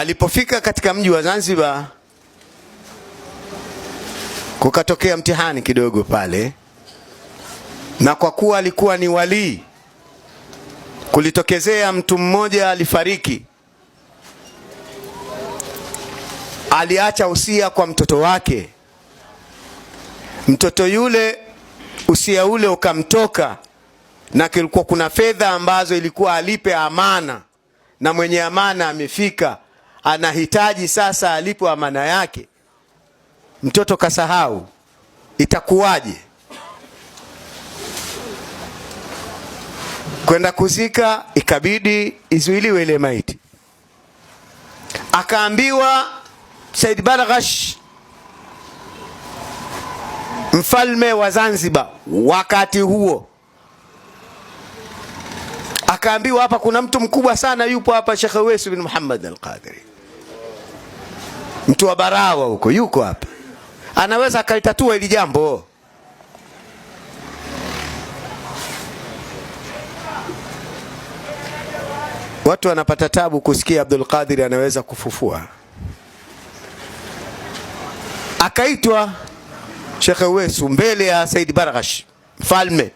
Alipofika katika mji wa Zanzibar kukatokea mtihani kidogo pale, na kwa kuwa alikuwa ni walii, kulitokezea mtu mmoja alifariki, aliacha usia kwa mtoto wake. Mtoto yule usia ule ukamtoka, na kulikuwa kuna fedha ambazo ilikuwa alipe amana, na mwenye amana amefika anahitaji sasa alipo amana yake, mtoto kasahau, itakuwaje? Kwenda kuzika, ikabidi izuiliwe ile maiti, akaambiwa Said Barghash mfalme wa Zanzibar wakati huo akaambiwa, hapa kuna mtu mkubwa sana yupo hapa, Shekhe Wesu bin Muhammad Al-Qadiri mtu wa barawa huko yuko hapa, anaweza akalitatua hili jambo. Watu wanapata tabu kusikia Abdul Qadir anaweza kufufua, akaitwa Shekhe Wesu mbele ya Said Barghash mfalme,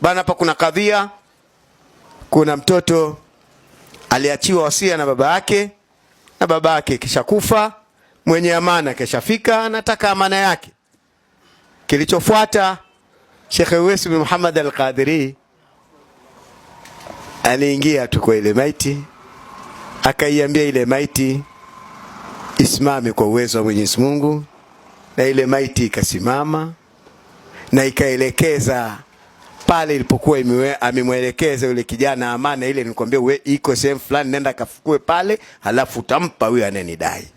bana, hapa kuna kadhia, kuna mtoto aliachiwa wasia na baba yake, na baba yake kisha kufa mwenye amana keshafika, anataka amana yake. Kilichofuata, shekhe Uwais bin Muhammad Alqadiri aliingia tu kwa ile maiti, akaiambia ile maiti isimame kwa uwezo wa Mwenyezi Mungu, na ile maiti ikasimama na ikaelekeza pale ilipokuwa amemwelekeza yule kijana amana ile. nikwambia iko sehemu fulani, nenda kafukue pale, halafu utampa huyo anenidai.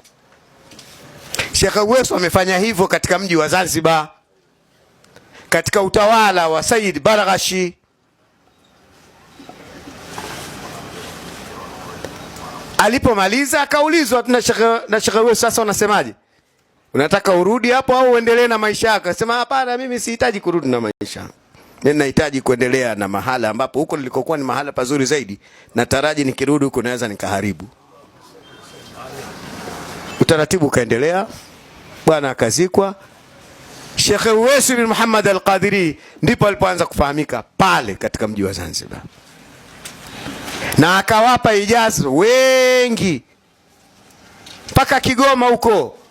Sheikh Aweso amefanya hivyo katika mji wa Zanzibar katika utawala wa Said Baraghashi alipomaliza akaulizwa na Sheikh Aweso, sasa unasemaje? Unataka urudi hapo au uendelee na maisha yako? Akasema hapana, mimi sihitaji kurudi na maisha. Mimi nahitaji kuendelea na mahala ambapo huko nilikokuwa ni mahala pazuri zaidi. Nataraji nikirudi huko naweza nikaharibu. Utaratibu ukaendelea, bwana akazikwa. Shekhe Uwais bin Muhammad al-Qadiri ndipo alipoanza kufahamika pale katika mji wa Zanzibar, na akawapa ijazah wengi mpaka Kigoma huko.